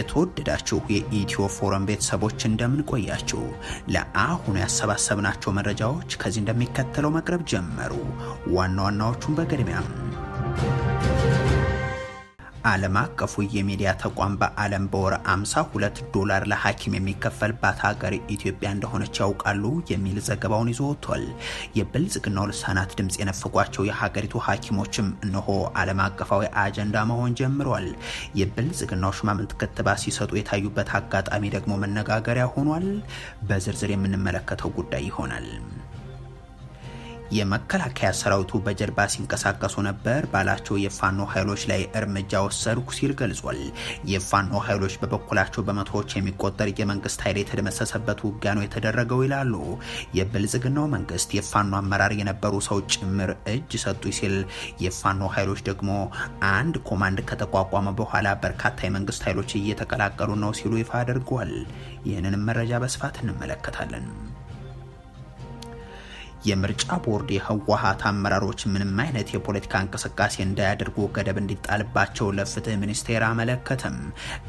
የተወደዳችሁ የኢትዮ ፎረም ቤተሰቦች እንደምን ቆያችሁ? ለአሁኑ ያሰባሰብናቸው መረጃዎች ከዚህ እንደሚከተለው መቅረብ ጀመሩ። ዋና ዋናዎቹን በቅድሚያም ዓለም አቀፉ የሚዲያ ተቋም በዓለም በወር 52 ዶላር ለሐኪም የሚከፈልባት ሀገር ኢትዮጵያ እንደሆነች ያውቃሉ የሚል ዘገባውን ይዞ ወጥቷል። የብልጽግናው ልሳናት ድምፅ የነፈጓቸው የሀገሪቱ ሐኪሞችም እነሆ ዓለም አቀፋዊ አጀንዳ መሆን ጀምሯል። የብልጽግናው ሹማምንት ክትባት ሲሰጡ የታዩበት አጋጣሚ ደግሞ መነጋገሪያ ሆኗል። በዝርዝር የምንመለከተው ጉዳይ ይሆናል። የመከላከያ ሰራዊቱ በጀልባ ሲንቀሳቀሱ ነበር ባላቸው የፋኖ ኃይሎች ላይ እርምጃ ወሰድኩ ሲል ገልጿል። የፋኖ ኃይሎች በበኩላቸው በመቶዎች የሚቆጠር የመንግስት ኃይል የተደመሰሰበት ውጊያ ነው የተደረገው ይላሉ። የብልጽግናው መንግስት የፋኖ አመራር የነበሩ ሰው ጭምር እጅ ሰጡ ሲል፣ የፋኖ ኃይሎች ደግሞ አንድ ኮማንድ ከተቋቋመ በኋላ በርካታ የመንግስት ኃይሎች እየተቀላቀሉ ነው ሲሉ ይፋ አድርገዋል። ይህንንም መረጃ በስፋት እንመለከታለን። የምርጫ ቦርድ የህወሀት አመራሮች ምንም አይነት የፖለቲካ እንቅስቃሴ እንዳያደርጉ ገደብ እንዲጣልባቸው ለፍትህ ሚኒስቴር አመለከተም።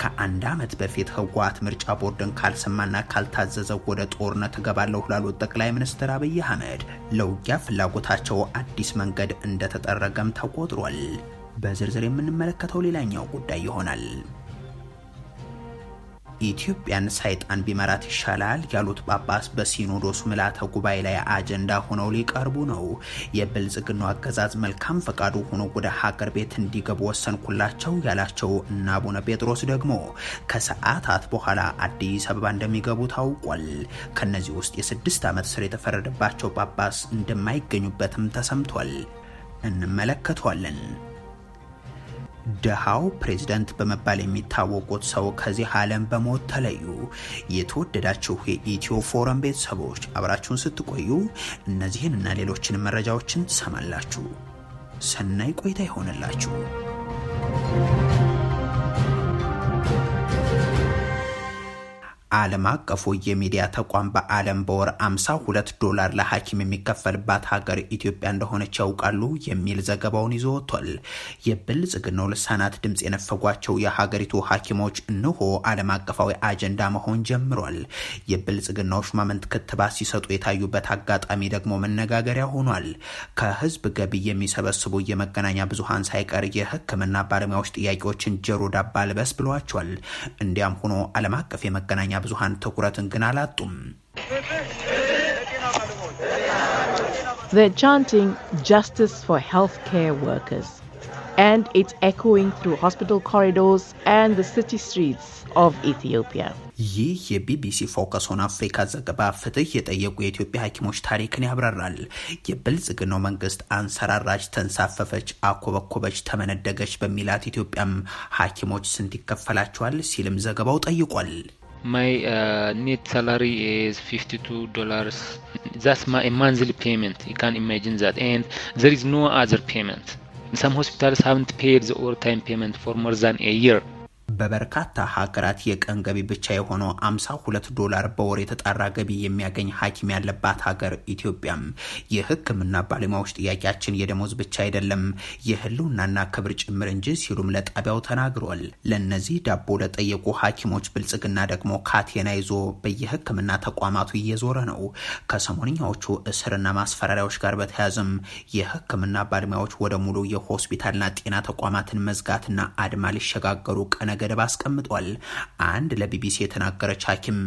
ከአንድ ዓመት በፊት ህወሀት ምርጫ ቦርድን ካልሰማና ካልታዘዘ ወደ ጦርነት እገባለሁ ላሉት ጠቅላይ ሚኒስትር አብይ አህመድ ለውጊያ ፍላጎታቸው አዲስ መንገድ እንደተጠረገም ተቆጥሯል። በዝርዝር የምንመለከተው ሌላኛው ጉዳይ ይሆናል። ኢትዮጵያን ሰይጣን ቢመራት ይሻላል ያሉት ጳጳስ በሲኖዶሱ ምልዓተ ጉባኤ ላይ አጀንዳ ሆነው ሊቀርቡ ነው። የብልጽግናው አገዛዝ መልካም ፈቃዱ ሆኖ ወደ ሀገር ቤት እንዲገቡ ወሰንኩላቸው ያላቸው እና አቡነ ጴጥሮስ ደግሞ ከሰዓታት በኋላ አዲስ አበባ እንደሚገቡ ታውቋል። ከነዚህ ውስጥ የስድስት ዓመት ስር የተፈረደባቸው ጳጳስ እንደማይገኙበትም ተሰምቷል። እንመለከተዋለን። ድሃው ፕሬዝደንት በመባል የሚታወቁት ሰው ከዚህ ዓለም በሞት ተለዩ። የተወደዳችሁ የኢትዮ ፎረም ቤተሰቦች አብራችሁን ስትቆዩ እነዚህን እና ሌሎችን መረጃዎችን ትሰማላችሁ። ሰናይ ቆይታ ይሆንላችሁ። ዓለም አቀፉ የሚዲያ ተቋም በዓለም በወር 52 ዶላር ለሐኪም የሚከፈልባት ሀገር ኢትዮጵያ እንደሆነች ያውቃሉ የሚል ዘገባውን ይዞ ወጥቷል። የብልጽግናው ልሳናት ድምፅ የነፈጓቸው የሀገሪቱ ሐኪሞች እንሆ ዓለም አቀፋዊ አጀንዳ መሆን ጀምሯል። የብልጽግናው ሹማምንት ክትባት ሲሰጡ የታዩበት አጋጣሚ ደግሞ መነጋገሪያ ሆኗል። ከህዝብ ገቢ የሚሰበስቡ የመገናኛ ብዙሃን ሳይቀር የህክምና ባለሙያዎች ጥያቄዎችን ጀሮ ዳባ ልበስ ብሏቸዋል። እንዲያም ሆኖ ዓለም አቀፍ የመገናኛ ብዙሃን ትኩረትን ግን አላጡም። ይህ የቢቢሲ ፎከስ ኦን አፍሪካ ዘገባ ፍትህ የጠየቁ የኢትዮጵያ ሐኪሞች ታሪክን ያብራራል። የብልጽግናው መንግስት አንሰራራች፣ ተንሳፈፈች፣ አኮበኮበች፣ ተመነደገች በሚላት ኢትዮጵያም ሐኪሞች ስንት ይከፈላቸዋል ሲልም ዘገባው ጠይቋል። my uh, net salary is 52 dollars that's my monthly payment you can imagine that and there is no other payment some hospitals haven't paid the overtime payment for more than a year በበርካታ ሀገራት የቀን ገቢ ብቻ የሆነው 52 ዶላር በወር የተጣራ ገቢ የሚያገኝ ሐኪም ያለባት ሀገር ኢትዮጵያም የሕክምና ባለሙያዎች ጥያቄያችን የደሞዝ ብቻ አይደለም የህልውናና ክብር ጭምር እንጂ ሲሉም ለጣቢያው ተናግሯል። ለእነዚህ ዳቦ ለጠየቁ ሐኪሞች ብልጽግና ደግሞ ካቴና ይዞ በየሕክምና ተቋማቱ እየዞረ ነው። ከሰሞንኛዎቹ እስርና ማስፈራሪያዎች ጋር በተያያዘም የሕክምና ባለሙያዎች ወደ ሙሉ የሆስፒታልና ጤና ተቋማትን መዝጋትና አድማ ሊሸጋገሩ ቀነ ገደብ አስቀምጧል። አንድ ለቢቢሲ የተናገረች ሐኪም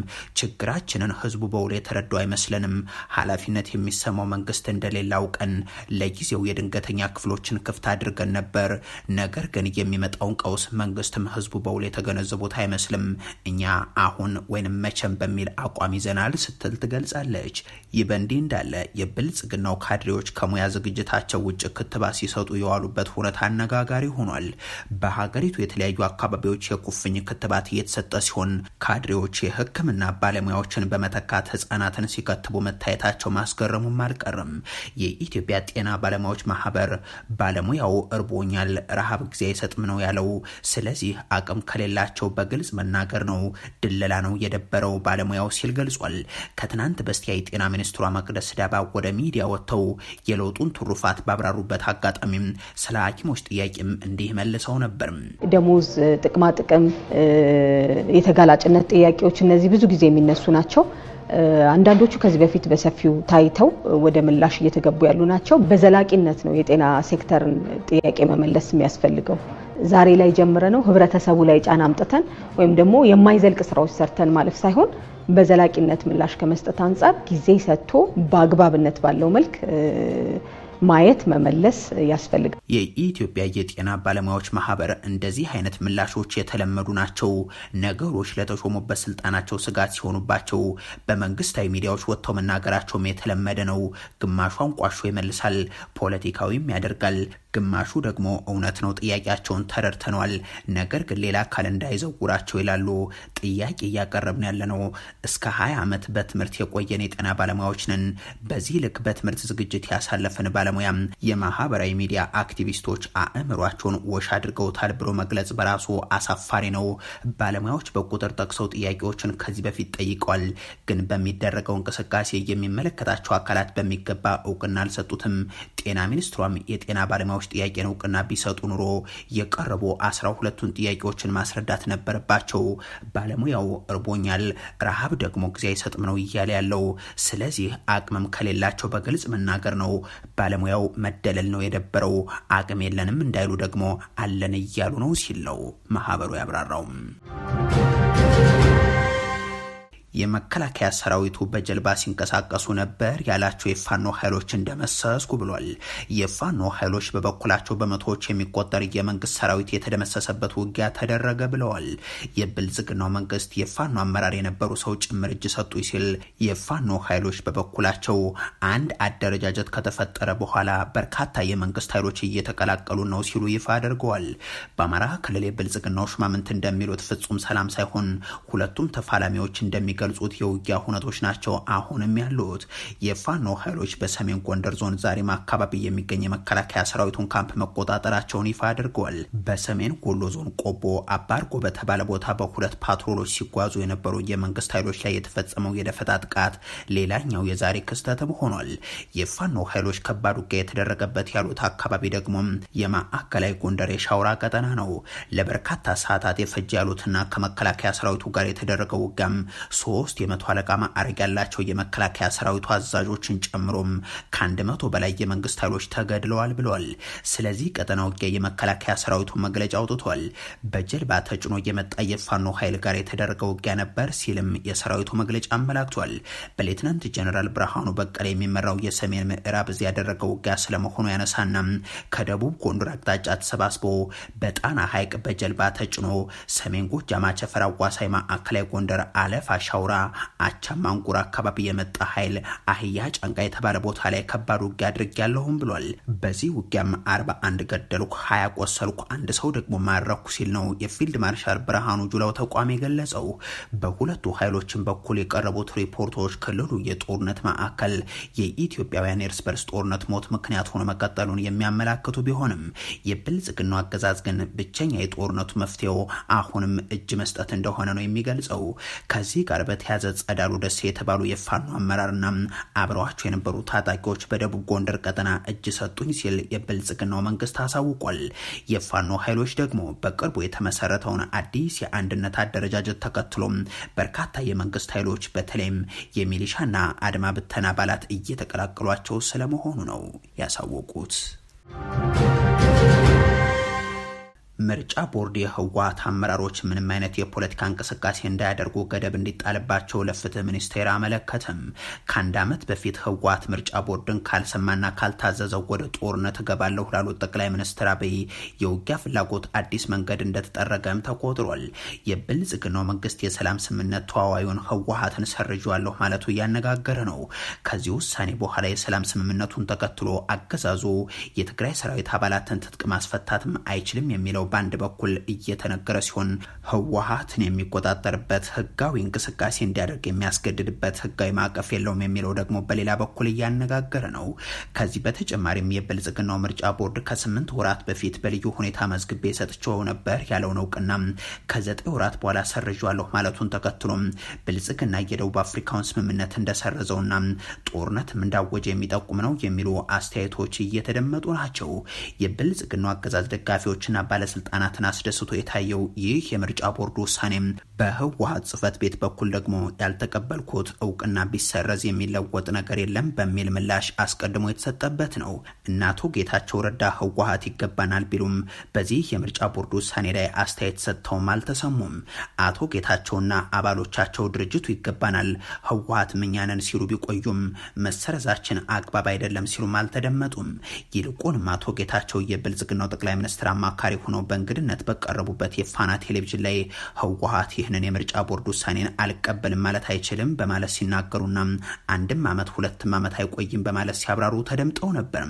ችግራችንን ህዝቡ በውሎ የተረዱ አይመስለንም። ኃላፊነት የሚሰማው መንግስት እንደሌለ አውቀን ለጊዜው የድንገተኛ ክፍሎችን ክፍት አድርገን ነበር። ነገር ግን የሚመጣውን ቀውስ መንግስትም ህዝቡ በውሎ የተገነዘቡት አይመስልም። እኛ አሁን ወይንም መቼም በሚል አቋም ይዘናል ስትል ትገልጻለች። ይህ በእንዲህ እንዳለ የብልጽግናው ካድሬዎች ከሙያ ዝግጅታቸው ውጭ ክትባት ሲሰጡ የዋሉበት ሁኔታ አነጋጋሪ ሆኗል። በሀገሪቱ የተለያዩ አካባቢዎች ተማሪዎች የኩፍኝ ክትባት እየተሰጠ ሲሆን ካድሬዎች የሕክምና ባለሙያዎችን በመተካት ህጻናትን ሲከትቡ መታየታቸው ማስገረሙም አልቀርም። የኢትዮጵያ ጤና ባለሙያዎች ማህበር ባለሙያው እርቦኛል፣ ረሃብ ጊዜ አይሰጥም ነው ያለው። ስለዚህ አቅም ከሌላቸው በግልጽ መናገር ነው፣ ድለላ ነው የደበረው ባለሙያው ሲል ገልጿል። ከትናንት በስቲያ የጤና ሚኒስትሯ መቅደስ ዳባ ወደ ሚዲያ ወጥተው የለውጡን ትሩፋት ባብራሩበት አጋጣሚም ስለ ሐኪሞች ጥያቄም እንዲህ መልሰው ነበር። ደሞዝ ጥቅማ የጥቅማ ጥቅም፣ የተጋላጭነት ጥያቄዎች እነዚህ ብዙ ጊዜ የሚነሱ ናቸው። አንዳንዶቹ ከዚህ በፊት በሰፊው ታይተው ወደ ምላሽ እየተገቡ ያሉ ናቸው። በዘላቂነት ነው የጤና ሴክተርን ጥያቄ መመለስ የሚያስፈልገው። ዛሬ ላይ ጀምረ ነው ህብረተሰቡ ላይ ጫና አምጥተን ወይም ደግሞ የማይዘልቅ ስራዎች ሰርተን ማለፍ ሳይሆን በዘላቂነት ምላሽ ከመስጠት አንጻር ጊዜ ሰጥቶ በአግባብነት ባለው መልክ ማየት መመለስ ያስፈልጋል። የኢትዮጵያ የጤና ባለሙያዎች ማህበር እንደዚህ አይነት ምላሾች የተለመዱ ናቸው። ነገሮች ለተሾሙበት ስልጣናቸው ስጋት ሲሆኑባቸው በመንግስታዊ ሚዲያዎች ወጥተው መናገራቸውም የተለመደ ነው። ግማሹ አንቋሾ ይመልሳል፣ ፖለቲካዊም ያደርጋል። ግማሹ ደግሞ እውነት ነው፣ ጥያቄያቸውን ተረድተነዋል፣ ነገር ግን ሌላ አካል እንዳይዘውራቸው ይላሉ። ጥያቄ እያቀረብን ያለ ነው። እስከ 20 ዓመት በትምህርት የቆየን የጤና ባለሙያዎች ነን። በዚህ ልክ በትምህርት ዝግጅት ያሳለፍን ባለ ባለሙያ የማህበራዊ ሚዲያ አክቲቪስቶች አእምሯቸውን ወሽ አድርገውታል ብሎ መግለጽ በራሱ አሳፋሪ ነው። ባለሙያዎች በቁጥር ጠቅሰው ጥያቄዎችን ከዚህ በፊት ጠይቀዋል፣ ግን በሚደረገው እንቅስቃሴ የሚመለከታቸው አካላት በሚገባ እውቅና አልሰጡትም። ጤና ሚኒስትሯም የጤና ባለሙያዎች ጥያቄን እውቅና ቢሰጡ ኑሮ የቀረቡ አስራ ሁለቱን ጥያቄዎችን ማስረዳት ነበረባቸው። ባለሙያው እርቦኛል፣ ረሃብ ደግሞ ጊዜ አይሰጥም ነው እያለ ያለው። ስለዚህ አቅምም ከሌላቸው በግልጽ መናገር ነው። ባለሙያ ባለሙያው መደለል ነው የደበረው አቅም የለንም እንዳይሉ ደግሞ አለን እያሉ ነው ሲል ነው ማህበሩ ያብራራውም። የመከላከያ ሰራዊቱ በጀልባ ሲንቀሳቀሱ ነበር ያላቸው የፋኖ ኃይሎች እንደመሰስኩ ብሏል። የፋኖ ኃይሎች በበኩላቸው በመቶዎች የሚቆጠር የመንግስት ሰራዊት የተደመሰሰበት ውጊያ ተደረገ ብለዋል። የብልጽግናው መንግስት የፋኖ አመራር የነበሩ ሰው ጭምር እጅ ሰጡ ሲል የፋኖ ኃይሎች በበኩላቸው አንድ አደረጃጀት ከተፈጠረ በኋላ በርካታ የመንግስት ኃይሎች እየተቀላቀሉ ነው ሲሉ ይፋ አድርገዋል። በአማራ ክልል የብልጽግናው ሹማምንት እንደሚሉት ፍጹም ሰላም ሳይሆን ሁለቱም ተፋላሚዎች እንደሚገ የሚገልጹት የውጊያ ሁነቶች ናቸው አሁንም ያሉት። የፋኖ ኃይሎች በሰሜን ጎንደር ዞን ዛሬም አካባቢ የሚገኝ የመከላከያ ሰራዊቱን ካምፕ መቆጣጠራቸውን ይፋ አድርገዋል። በሰሜን ጎሎ ዞን ቆቦ አባርጎ በተባለ ቦታ በሁለት ፓትሮሎች ሲጓዙ የነበሩ የመንግስት ኃይሎች ላይ የተፈጸመው የደፈጣ ጥቃት ሌላኛው የዛሬ ክስተትም ሆኗል። የፋኖ ኃይሎች ከባድ ውጊያ የተደረገበት ያሉት አካባቢ ደግሞ የማዕከላዊ ጎንደር የሻውራ ቀጠና ነው። ለበርካታ ሰዓታት የፈጀ ያሉትና ከመከላከያ ሰራዊቱ ጋር የተደረገው ውጊያም ሶስት የመቶ አለቃ ማዕረግ ያላቸው የመከላከያ ሰራዊቱ አዛዦችን ጨምሮም ከአንድ መቶ በላይ የመንግስት ኃይሎች ተገድለዋል ብሏል። ስለዚህ ቀጠና ውጊያ የመከላከያ ሰራዊቱ መግለጫ አውጥቷል። በጀልባ ተጭኖ የመጣ የፋኖ ኃይል ጋር የተደረገ ውጊያ ነበር ሲልም የሰራዊቱ መግለጫ አመላክቷል። በሌትናንት ጀነራል ብርሃኑ በቀለ የሚመራው የሰሜን ምዕራብ እዝ ያደረገው ውጊያ ስለመሆኑ ያነሳና ከደቡብ ጎንደር አቅጣጫ ተሰባስቦ በጣና ሐይቅ በጀልባ ተጭኖ ሰሜን ጎጃማ ቸፈር አዋሳይ ማዕከላዊ ጎንደር አለፍ አሻው አውራ ማንቁር አካባቢ የመጣ ኃይል አህያ ጫንቃ የተባለ ቦታ ላይ ከባድ ውጊያ ያለሁም ብሏል። በዚህ ውጊያም አርባ አንድ ገደልኩ፣ ሀያ ቆሰልኩ፣ አንድ ሰው ደግሞ ማረኩ ሲል ነው የፊልድ ማርሻል ብርሃኑ ጁላው ተቋም የገለጸው። በሁለቱ ኃይሎችን በኩል የቀረቡት ሪፖርቶች ክልሉ የጦርነት ማዕከል የኢትዮጵያውያን እርስ በርስ ጦርነት ሞት ምክንያት ሆኖ መቀጠሉን የሚያመላክቱ ቢሆንም የብልጽግናው አገዛዝ ግን ብቸኛ የጦርነቱ መፍትሄው አሁንም እጅ መስጠት እንደሆነ ነው የሚገልጸው። ከዚህ ጋር በተያዘ ጸዳሉ ደሴ የተባሉ የፋኖ አመራርና አብረዋቸው የነበሩ ታጣቂዎች በደቡብ ጎንደር ቀጠና እጅ ሰጡኝ ሲል የብልጽግናው መንግስት አሳውቋል። የፋኖ ኃይሎች ደግሞ በቅርቡ የተመሰረተውን አዲስ የአንድነት አደረጃጀት ተከትሎ በርካታ የመንግስት ኃይሎች በተለይም የሚሊሻና አድማ ብተና አባላት እየተቀላቀሏቸው ስለመሆኑ ነው ያሳወቁት። ምርጫ ቦርድ የህወሓት አመራሮች ምንም አይነት የፖለቲካ እንቅስቃሴ እንዳያደርጉ ገደብ እንዲጣልባቸው ለፍትህ ሚኒስቴር አመለከትም። ከአንድ ዓመት በፊት ህወሓት ምርጫ ቦርድን ካልሰማና ካልታዘዘው ወደ ጦርነት እገባለሁ ላሉት ጠቅላይ ሚኒስትር አብይ የውጊያ ፍላጎት አዲስ መንገድ እንደተጠረገም ተቆጥሯል። የብልጽግናው መንግስት የሰላም ስምምነት ተዋዋዩን ህወሓትን ሰርዣለሁ ማለቱ እያነጋገረ ነው። ከዚህ ውሳኔ በኋላ የሰላም ስምምነቱን ተከትሎ አገዛዙ የትግራይ ሰራዊት አባላትን ትጥቅ ማስፈታትም አይችልም የሚለው የሚለው በአንድ በኩል እየተነገረ ሲሆን ህወሀትን የሚቆጣጠርበት ህጋዊ እንቅስቃሴ እንዲያደርግ የሚያስገድድበት ህጋዊ ማዕቀፍ የለውም የሚለው ደግሞ በሌላ በኩል እያነጋገረ ነው። ከዚህ በተጨማሪም የብልጽግናው ምርጫ ቦርድ ከስምንት ወራት በፊት በልዩ ሁኔታ መዝግቤ የሰጥቸው ነበር ያለውን እውቅና ከዘጠኝ ወራት በኋላ ሰርዣለሁ ማለቱን ተከትሎም ብልጽግና የደቡብ አፍሪካውን ስምምነት እንደሰረዘውና ጦርነትም እንዳወጀ የሚጠቁም ነው የሚሉ አስተያየቶች እየተደመጡ ናቸው። የብልጽግናው አገዛዝ ደጋፊዎችና ባለ ባለስልጣናትን አስደስቶ የታየው ይህ የምርጫ ቦርድ ውሳኔም በህወሀት ጽህፈት ቤት በኩል ደግሞ ያልተቀበልኩት እውቅና ቢሰረዝ የሚለወጥ ነገር የለም በሚል ምላሽ አስቀድሞ የተሰጠበት ነው። እናቶ ጌታቸው ረዳ ህወሀት ይገባናል ቢሉም በዚህ የምርጫ ቦርድ ውሳኔ ላይ አስተያየት ሰጥተውም አልተሰሙም። አቶ ጌታቸውና አባሎቻቸው ድርጅቱ ይገባናል፣ ህወሀት ምኛነን ሲሉ ቢቆዩም መሰረዛችን አግባብ አይደለም ሲሉም አልተደመጡም። ይልቁንም አቶ ጌታቸው የብልጽግናው ጠቅላይ ሚኒስትር አማካሪ ሆነው በእንግድነት በቀረቡበት የፋና ቴሌቪዥን ላይ ህወሀት ይህንን የምርጫ ቦርድ ውሳኔን አልቀበልም ማለት አይችልም በማለት ሲናገሩና አንድም ዓመት ሁለትም ዓመት አይቆይም በማለት ሲያብራሩ ተደምጠው ነበር።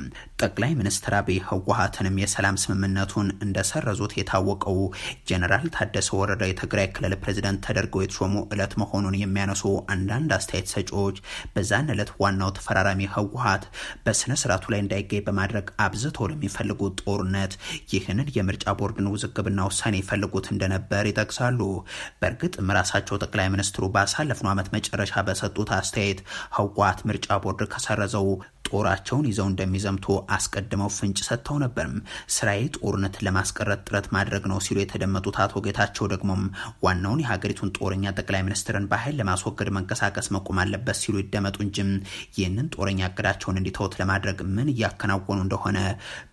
ጠቅላይ ሚኒስትር አብይ ህወሀትንም የሰላም ስምምነቱን እንደሰረዙት የታወቀው ጀኔራል ታደሰ ወረደ የትግራይ ክልል ፕሬዚደንት ተደርገው የተሾሙ እለት መሆኑን የሚያነሱ አንዳንድ አስተያየት ሰጪዎች በዛን እለት ዋናው ተፈራራሚ ህወሀት በስነ ስርዓቱ ላይ እንዳይገኝ በማድረግ አብዝተው ለሚፈልጉት ጦርነት ይህንን የምርጫ ቦርድን ውዝግብና ውሳኔ ይፈልጉት እንደነበር ይጠቅሳሉ። በእርግጥም ራሳቸው ጠቅላይ ሚኒስትሩ ባሳለፍነው ዓመት መጨረሻ በሰጡት አስተያየት ህወሓት ምርጫ ቦርድ ከሰረዘው ጦራቸውን ይዘው እንደሚዘምቱ አስቀድመው ፍንጭ ሰጥተው ነበር። ስራዬ ጦርነትን ለማስቀረት ጥረት ማድረግ ነው ሲሉ የተደመጡት አቶ ጌታቸው ደግሞም ዋናውን የሀገሪቱን ጦረኛ ጠቅላይ ሚኒስትርን በኃይል ለማስወገድ መንቀሳቀስ መቆም አለበት ሲሉ ይደመጡ እንጂ ይህንን ጦረኛ እቅዳቸውን እንዲተውት ለማድረግ ምን እያከናወኑ እንደሆነ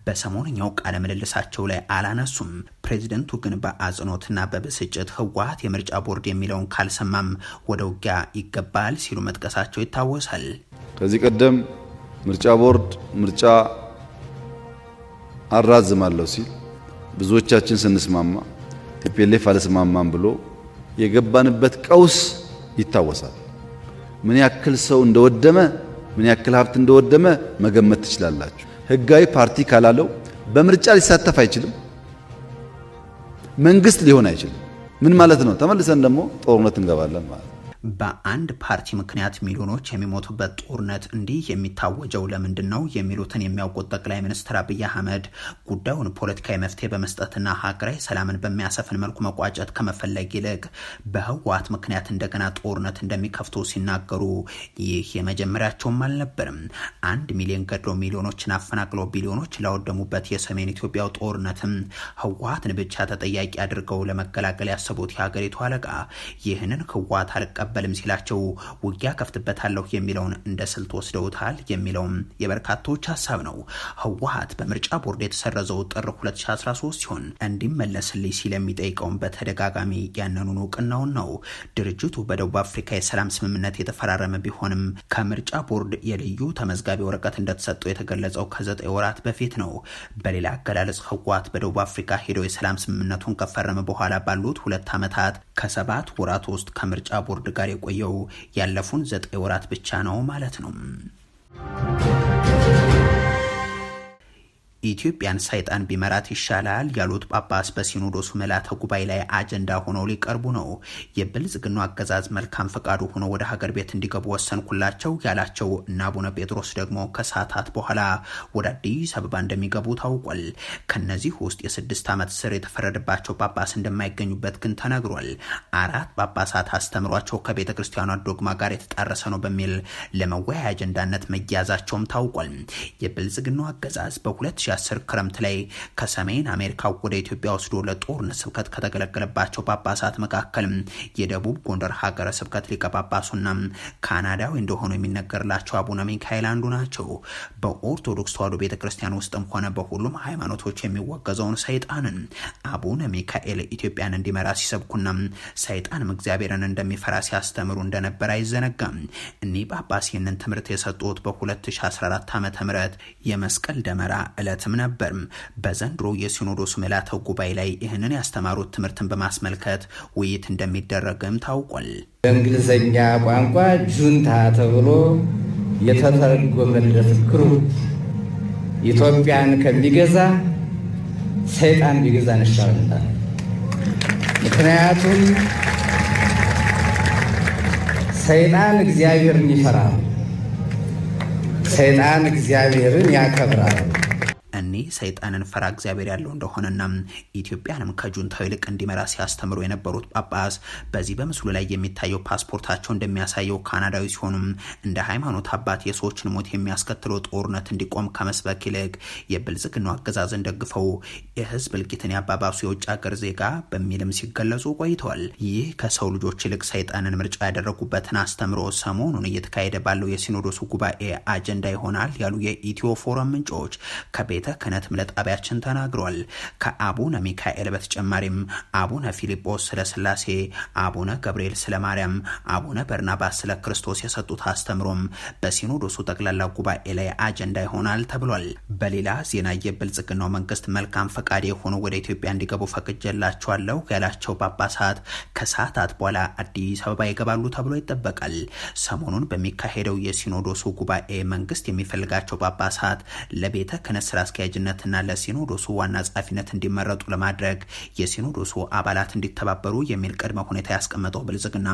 በሰሞንኛው ቃለ ምልልሳቸው ላይ አላነሱም። ፕሬዚደንቱ ግን በአጽንኦትና በብስጭት ህወሀት የምርጫ ቦርድ የሚለውን ካልሰማም ወደ ውጊያ ይገባል ሲሉ መጥቀሳቸው ይታወሳል። ከዚህ ቀደም ምርጫ ቦርድ ምርጫ አራዝማለሁ ሲል ብዙዎቻችን ስንስማማ ቲፒኤልኤፍ አልስማማም ብሎ የገባንበት ቀውስ ይታወሳል። ምን ያክል ሰው እንደወደመ፣ ምን ያክል ሀብት እንደወደመ መገመት ትችላላችሁ። ህጋዊ ፓርቲ ካላለው በምርጫ ሊሳተፍ አይችልም፣ መንግስት ሊሆን አይችልም። ምን ማለት ነው? ተመልሰን ደግሞ ጦርነት እንገባለን ማለት በአንድ ፓርቲ ምክንያት ሚሊዮኖች የሚሞቱበት ጦርነት እንዲህ የሚታወጀው ለምንድን ነው የሚሉትን የሚያውቁት ጠቅላይ ሚኒስትር አብይ አህመድ ጉዳዩን ፖለቲካዊ መፍትሄ በመስጠትና ሀገራዊ ሰላምን በሚያሰፍን መልኩ መቋጨት ከመፈለግ ይልቅ በህወሓት ምክንያት እንደገና ጦርነት እንደሚከፍቱ ሲናገሩ ይህ የመጀመሪያቸውም አልነበርም። አንድ ሚሊዮን ገድሎ ሚሊዮኖችን አፈናቅለው ቢሊዮኖች ላወደሙበት የሰሜን ኢትዮጵያው ጦርነትም ህወሓትን ብቻ ተጠያቂ አድርገው ለመገላገል ያሰቡት የሀገሪቱ አለቃ ይህንን ህወሓት አልቀበ አልቀበልም ሲላቸው ውጊያ ከፍትበታለሁ የሚለውን እንደ ስልት ወስደውታል የሚለውም የበርካቶች ሀሳብ ነው። ህወሀት በምርጫ ቦርድ የተሰረዘው ጥር 2013 ሲሆን እንዲመለስልኝ ሲል የሚጠይቀውን በተደጋጋሚ ያነኑን እውቅናውን ነው። ድርጅቱ በደቡብ አፍሪካ የሰላም ስምምነት የተፈራረመ ቢሆንም ከምርጫ ቦርድ የልዩ ተመዝጋቢ ወረቀት እንደተሰጠው የተገለጸው ከዘጠኝ ወራት በፊት ነው። በሌላ አገላለጽ ህወሀት በደቡብ አፍሪካ ሄደው የሰላም ስምምነቱን ከፈረመ በኋላ ባሉት ሁለት ዓመታት ከሰባት ወራት ውስጥ ከምርጫ ቦርድ ጋር ጋር የቆየው ያለፉን ዘጠኝ ወራት ብቻ ነው ማለት ነው። ኢትዮጵያን ሰይጣን ቢመራት ይሻላል ያሉት ጳጳስ በሲኖዶሱ ምልዓተ ጉባኤ ላይ አጀንዳ ሆነው ሊቀርቡ ነው። የብልጽግና አገዛዝ መልካም ፈቃዱ ሆኖ ወደ ሀገር ቤት እንዲገቡ ወሰንኩላቸው ያላቸው እና አቡነ ጴጥሮስ ደግሞ ከሰዓታት በኋላ ወደ አዲስ አበባ እንደሚገቡ ታውቋል። ከነዚህ ውስጥ የስድስት ዓመት ስር የተፈረደባቸው ጳጳስ እንደማይገኙበት ግን ተነግሯል። አራት ጳጳሳት አስተምሯቸው ከቤተ ክርስቲያኗ ዶግማ ጋር የተጣረሰ ነው በሚል ለመወያያ አጀንዳነት መያዛቸውም ታውቋል። የብልጽግናው አገዛዝ በሁለት 2010 ክረምት ላይ ከሰሜን አሜሪካ ወደ ኢትዮጵያ ወስዶ ለጦርነት ስብከት ከተገለገለባቸው ጳጳሳት መካከል የደቡብ ጎንደር ሀገረ ስብከት ሊቀ ጳጳሱና ካናዳዊ እንደሆኑ የሚነገርላቸው አቡነ ሚካኤል አንዱ ናቸው። በኦርቶዶክስ ተዋሕዶ ቤተ ክርስቲያን ውስጥም ሆነ በሁሉም ሃይማኖቶች የሚወገዘውን ሰይጣንን አቡነ ሚካኤል ኢትዮጵያን እንዲመራ ሲሰብኩና ሰይጣንም እግዚአብሔርን እንደሚፈራ ሲያስተምሩ እንደነበር አይዘነጋም። እኒህ ጳጳስ ይህንን ትምህርት የሰጡት በ2014 ዓ ም የመስቀል ደመራ ዕለት ማለትም ነበር። በዘንድሮ የሲኖዶስ ምልዓተ ጉባኤ ላይ ይህንን ያስተማሩት ትምህርትን በማስመልከት ውይይት እንደሚደረግም ታውቋል። በእንግሊዝኛ ቋንቋ ጁንታ ተብሎ የተተረጎመለት ግሩፕ ኢትዮጵያን ከሚገዛ ሰይጣን ቢገዛ እንሻላለን። ምክንያቱም ሰይጣን እግዚአብሔርን ይፈራል። ሰይጣን እግዚአብሔርን ያከብራል። ሰይጣንን ፈራ እግዚአብሔር ያለው እንደሆነና ኢትዮጵያንም ከጁንታው ይልቅ እንዲመራ ሲያስተምሩ የነበሩት ጳጳስ በዚህ በምስሉ ላይ የሚታየው ፓስፖርታቸው እንደሚያሳየው ካናዳዊ ሲሆኑም እንደ ሃይማኖት አባት የሰዎችን ሞት የሚያስከትለው ጦርነት እንዲቆም ከመስበክ ይልቅ የብልጽግናው አገዛዝን ደግፈው የህዝብ እልቂትን ያባባሱ የውጭ ሀገር ዜጋ በሚልም ሲገለጹ ቆይተዋል። ይህ ከሰው ልጆች ይልቅ ሰይጣንን ምርጫ ያደረጉበትን አስተምሮ ሰሞኑን እየተካሄደ ባለው የሲኖዶሱ ጉባኤ አጀንዳ ይሆናል ያሉ የኢትዮ ፎረም ምንጮች ከቤተ ክህነት ምክንያትም ለጣቢያችን ተናግሯል። ከአቡነ ሚካኤል በተጨማሪም አቡነ ፊልጶስ ስለ ስላሴ፣ አቡነ ገብርኤል ስለ ማርያም፣ አቡነ በርናባስ ስለ ክርስቶስ የሰጡት አስተምሮም በሲኖዶሱ ጠቅላላ ጉባኤ ላይ አጀንዳ ይሆናል ተብሏል። በሌላ ዜና የብልጽግናው መንግስት መልካም ፈቃድ የሆኑ ወደ ኢትዮጵያ እንዲገቡ ፈቅጄላቸዋለሁ ያላቸው ጳጳሳት ከሰዓታት በኋላ አዲስ አበባ ይገባሉ ተብሎ ይጠበቃል። ሰሞኑን በሚካሄደው የሲኖዶሱ ጉባኤ መንግስት የሚፈልጋቸው ጳጳሳት ለቤተ ክህነት ስራ አስኪያጅነት ጸሐፊነትና ለሲኖዶሱ ዋና ጸሐፊነት እንዲመረጡ ለማድረግ የሲኖዶሱ አባላት እንዲተባበሩ የሚል ቅድመ ሁኔታ ያስቀመጠው ብልጽግና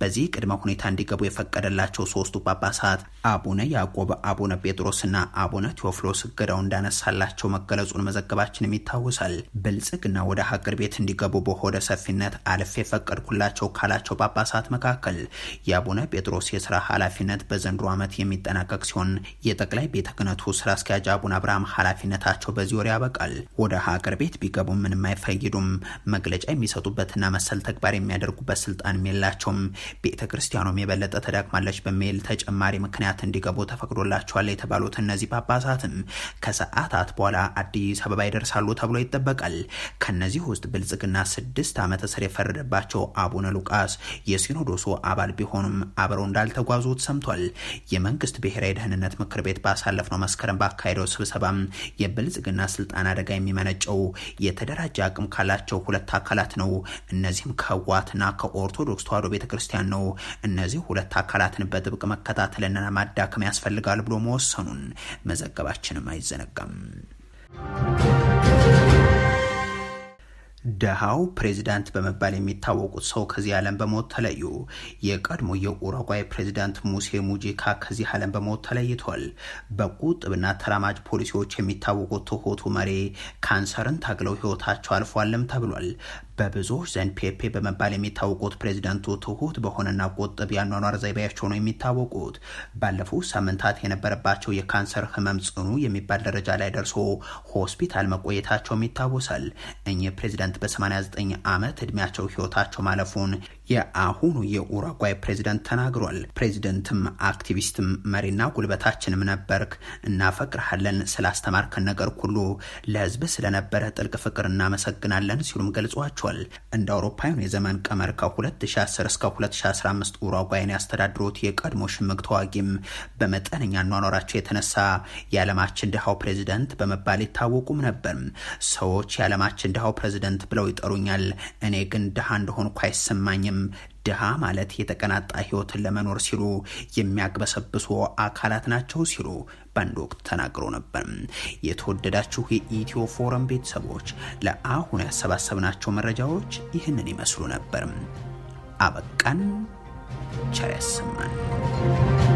በዚህ ቅድመ ሁኔታ እንዲገቡ የፈቀደላቸው ሶስቱ ጳጳሳት አቡነ ያዕቆብ፣ አቡነ ጴጥሮስና አቡነ ቴዎፍሎስ እገዳው እንዳነሳላቸው መገለጹን መዘገባችንም ይታወሳል። ብልጽግና ወደ ሀገር ቤት እንዲገቡ በሆደ ሰፊነት አልፌ የፈቀድኩላቸው ካላቸው ጳጳሳት መካከል የአቡነ ጴጥሮስ የስራ ኃላፊነት በዘንድሮ ዓመት የሚጠናቀቅ ሲሆን የጠቅላይ ቤተ ክህነቱ ስራ አስኪያጅ አቡነ አብርሃም ኃላፊነታ መግለጻቸው በዚህ ወር ያበቃል። ወደ ሀገር ቤት ቢገቡ ምንም አይፈይዱም። መግለጫ የሚሰጡበትና መሰል ተግባር የሚያደርጉበት ስልጣንም የላቸውም። ቤተ ክርስቲያኑም የበለጠ ተዳክማለች በሚል ተጨማሪ ምክንያት እንዲገቡ ተፈቅዶላቸዋል የተባሉት እነዚህ ጳጳሳትም ከሰዓታት በኋላ አዲስ አበባ ይደርሳሉ ተብሎ ይጠበቃል። ከነዚህ ውስጥ ብልጽግና ስድስት ዓመት እስር የፈረደባቸው አቡነ ሉቃስ የሲኖዶሱ አባል ቢሆኑም አብረው እንዳልተጓዙ ሰምቷል። የመንግስት ብሔራዊ ደህንነት ምክር ቤት ባሳለፍነው መስከረም ባካሄደው ስብሰባ የብልጽግና ስልጣን አደጋ የሚመነጨው የተደራጀ አቅም ካላቸው ሁለት አካላት ነው። እነዚህም ከህወሓትና ከኦርቶዶክስ ተዋሕዶ ቤተክርስቲያን ነው። እነዚህ ሁለት አካላትን በጥብቅ መከታተልና ማዳከም ያስፈልጋል ብሎ መወሰኑን መዘገባችንም አይዘነጋም። ደሃው ፕሬዚዳንት በመባል የሚታወቁት ሰው ከዚህ ዓለም በሞት ተለዩ። የቀድሞ የኡሩጓይ ፕሬዚዳንት ሙሴ ሙጂካ ከዚህ ዓለም በሞት ተለይቷል። በቁጥብና ተራማጅ ፖሊሲዎች የሚታወቁት ትሁቱ መሪ ካንሰርን ታግለው ህይወታቸው አልፏልም ተብሏል። በብዙዎች ዘንድ ፔፔ በመባል የሚታወቁት ፕሬዚደንቱ ትሁት በሆነና ቆጥብ የአኗኗር ዘይቤያቸው ነው የሚታወቁት። ባለፉት ሳምንታት የነበረባቸው የካንሰር ህመም ጽኑ የሚባል ደረጃ ላይ ደርሶ ሆስፒታል መቆየታቸውም ይታወሳል። እኚህ ፕሬዚደንት በ89 ዓመት ዕድሜያቸው ህይወታቸው ማለፉን የአሁኑ የኡሩጓይ ፕሬዚደንት ተናግሯል። ፕሬዚደንትም አክቲቪስትም መሪና ጉልበታችንም ነበርክ፣ እናፈቅርሃለን፣ ስላስተማርከን ነገር ሁሉ ለህዝብ ስለነበረ ጥልቅ ፍቅር እናመሰግናለን ሲሉም ገልጿቸዋል። እንደ አውሮፓውያኑ የዘመን ቀመር ከ2010 እስከ 2015 ኡሩጓይን ያስተዳድሩት የቀድሞ ሽምቅ ተዋጊም በመጠነኛ ኗኗራቸው የተነሳ የዓለማችን ድሃው ፕሬዚደንት በመባል ይታወቁም ነበር። ሰዎች የዓለማችን ድሃው ፕሬዚደንት ብለው ይጠሩኛል፣ እኔ ግን ድሃ እንደሆንኩ አይሰማኝም ወይም ድሃ ማለት የተቀናጣ ህይወትን ለመኖር ሲሉ የሚያግበሰብሱ አካላት ናቸው ሲሉ በአንድ ወቅት ተናግሮ ነበር። የተወደዳችሁ የኢትዮ ፎረም ቤተሰቦች ለአሁን ያሰባሰብናቸው መረጃዎች ይህንን ይመስሉ ነበር። አበቃን። ቸር ያሰማን።